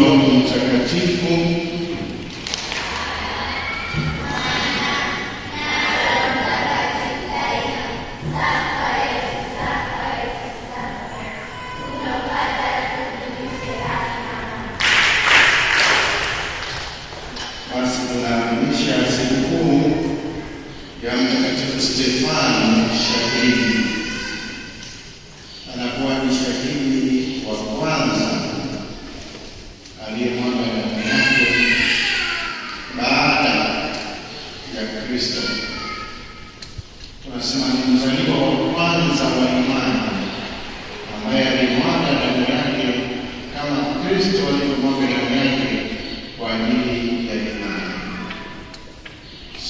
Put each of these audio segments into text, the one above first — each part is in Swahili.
wa Roho Mtakatifu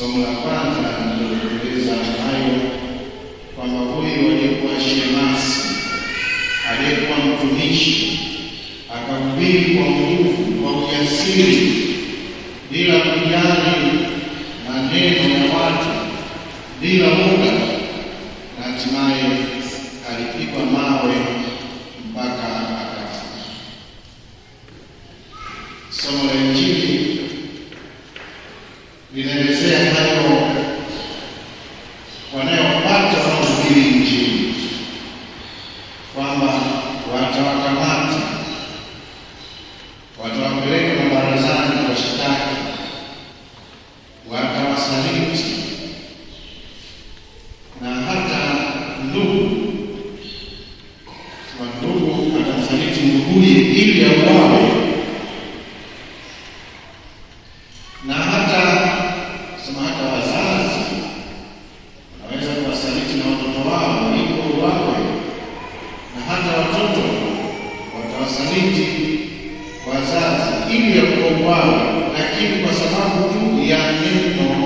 Somo la kwanza nilieleza hayo kwamba huyu aliyekuwa shemasi, aliyekuwa mtumishi, akahubiri kwa nguvu, kwa ujasiri, bila kujali maneno ya watu, bila muda wasaliti na hata ndugu wa ndugu atamsaliti nduguye ili auawe, na hata sema hata wazazi wanaweza kuwasaliti na watoto wao ili wawe na hata watoto watawasaliti wazazi ili ya kuokoawe, lakini kwa sababu tu ya neno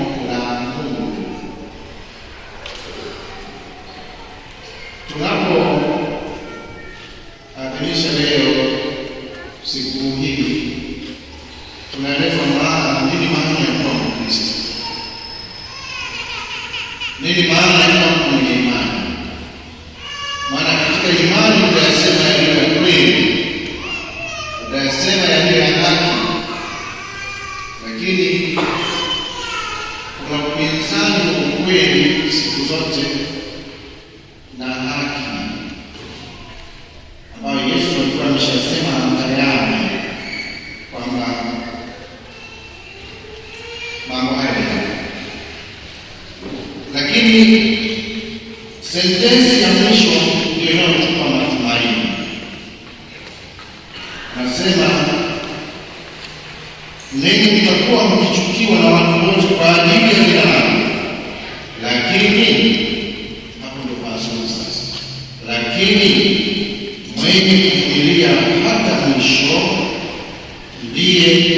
maana kama mwenye imani, maana katika imani utayasema yaliyo ya kweli, utayasema yaliyo ya haki, lakini kuna upinzani wa kweli siku zote na haki ambayo Yesu alikuwa ameshasema tayari kwamba Lakini sentensi ya mwisho inayotupa matumaini, nasema ninyi mtakuwa mkichukiwa na watu wote kwa ajili ya jina langu, lakini hapo ndo sasa, lakini mwenye kuvumilia hata mwisho ndiye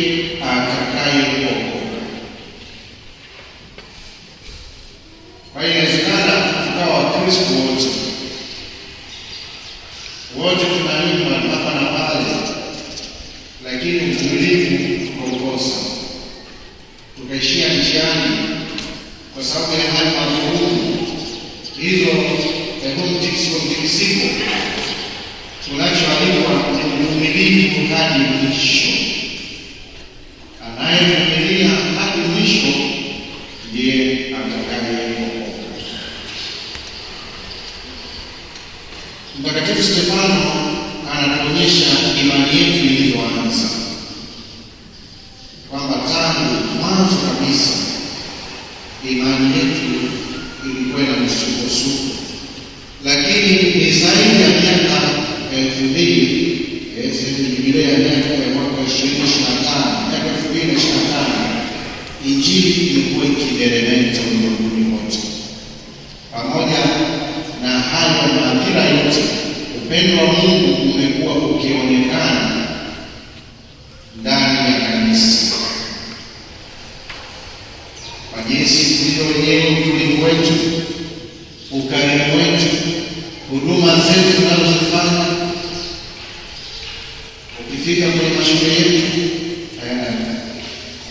tukaishia njiani kwa sababu ya hali mavurugu hizo mtikisiko. Tunachoalikwa ni uvumilivu hadi mwisho. Anayevumilia hadi mwisho ndiye atakayeokoka. Mtakatifu Stefano anatuonyesha imani yetu imani yetu ilikuwa na msukosuko, lakini ni zaidi ya miaka elfu mbili jubilei ya miaka ya mwaka ishirini ishirini na tano miaka elfu mbili na ishirini na tano injili ilikuwa ikimeremeta ulimwenguni mote, pamoja na hayo maadhira yote, upendo wa Mungu umekuwa ukionekana ikifika kwenye mashule yetu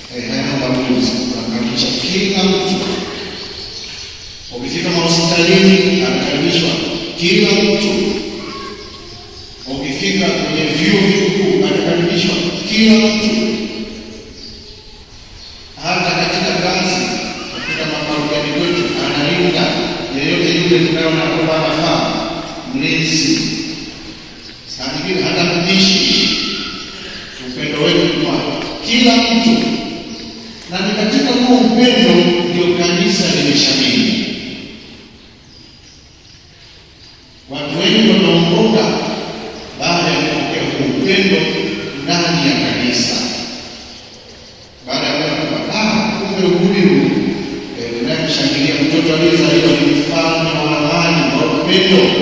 hayana ubaguzi, anakaribisha kila mtu. Ukifika mahospitalini anakaribishwa kila mtu. Ukifika kwenye vyuo vikuu anakaribishwa kila mtu, hata katika kazi, katika maparugani kwetu analinda yeyote yule tunaona kwamba anafaa mlezi, saa nyingine hata mpishi bila mtu, na ni katika huo upendo ndio kanisa limeshamiri. Watu wengi wanaondoka baada ya kupokea huo upendo ndani ya kanisa, baada ya kuona kumbe huyu unayemshangilia eh, mtoto aliyezaliwa ni mfano wa amani wa upendo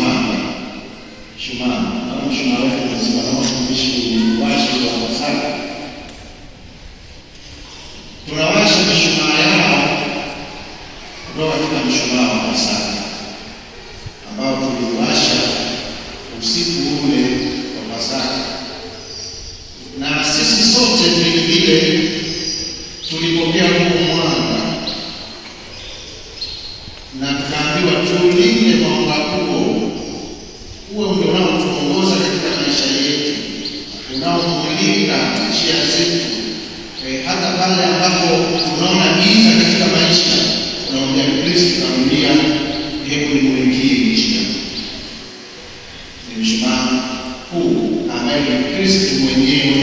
mshumaa mshumaa, kama mshumaa wake unasimama kuishi washi wa Pasaka, tunawasha mishumaa yao kutoka katika mshumaa wa Pasaka ambao tuliwasha usiku ule wa Pasaka, na sisi sote vile vile tulipokea huu mwanga na tukaambiwa tulinde mwanga huo kuinuka njia zetu eh, hata pale ambapo tunaona giza katika maisha, tunaongea Kristo, tunamlia hebu nimwingie njia. Ni mshumaa huu ambaye Kristo mwenyewe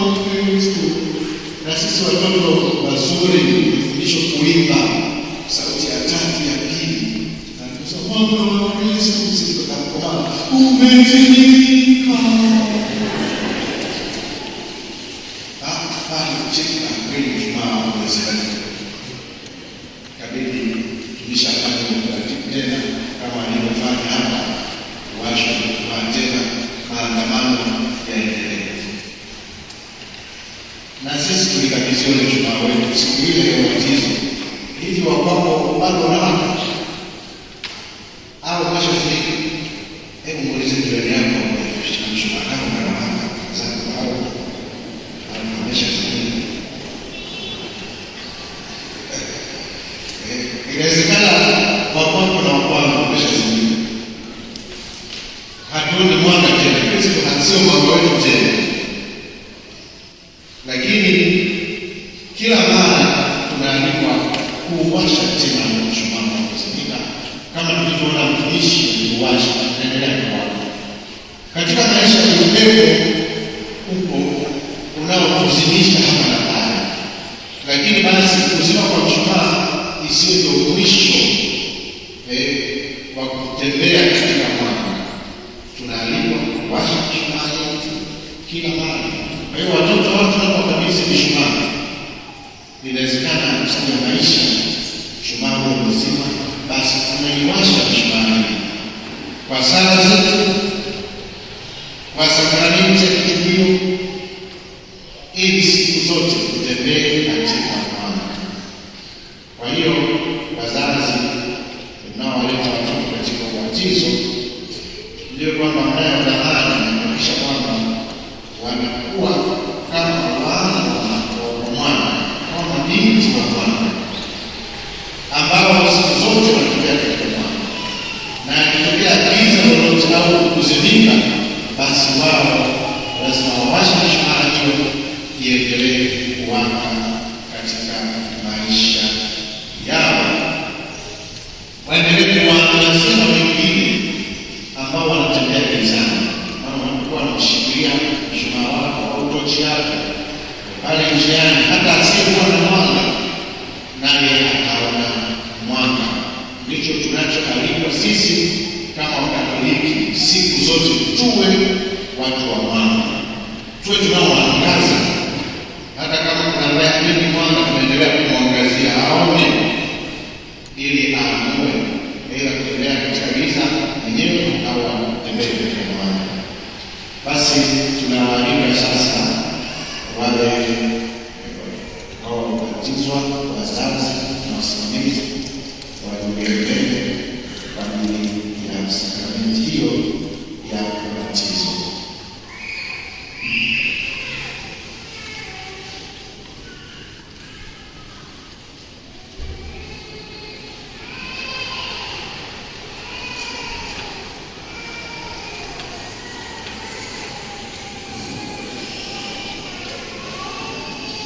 Mungu Kristo, na sisi watoto wazuri, kufundishwa kuimba katika maisha ya upepo huko unaokuzimisha hapa na pale, lakini basi kuzima kwa mshumaa isiwe ndio mwisho eh, wa kutembea katika mwanga. Tunaalikwa kuwasha mshumaa yetu kila mara. Kwa hiyo watoto wao tunapokabidhi mishumaa, inawezekana kusanya maisha mshumaa huo mzima, basi tunaiwasha mshumaa kwa sala zetu Wasamalimu cha kijijini naamini mwana tunaendelea kumwangazia aone ili aamue aidha kutembea katika giza yenyewe au atembee katika Basi tunawaalika sasa wale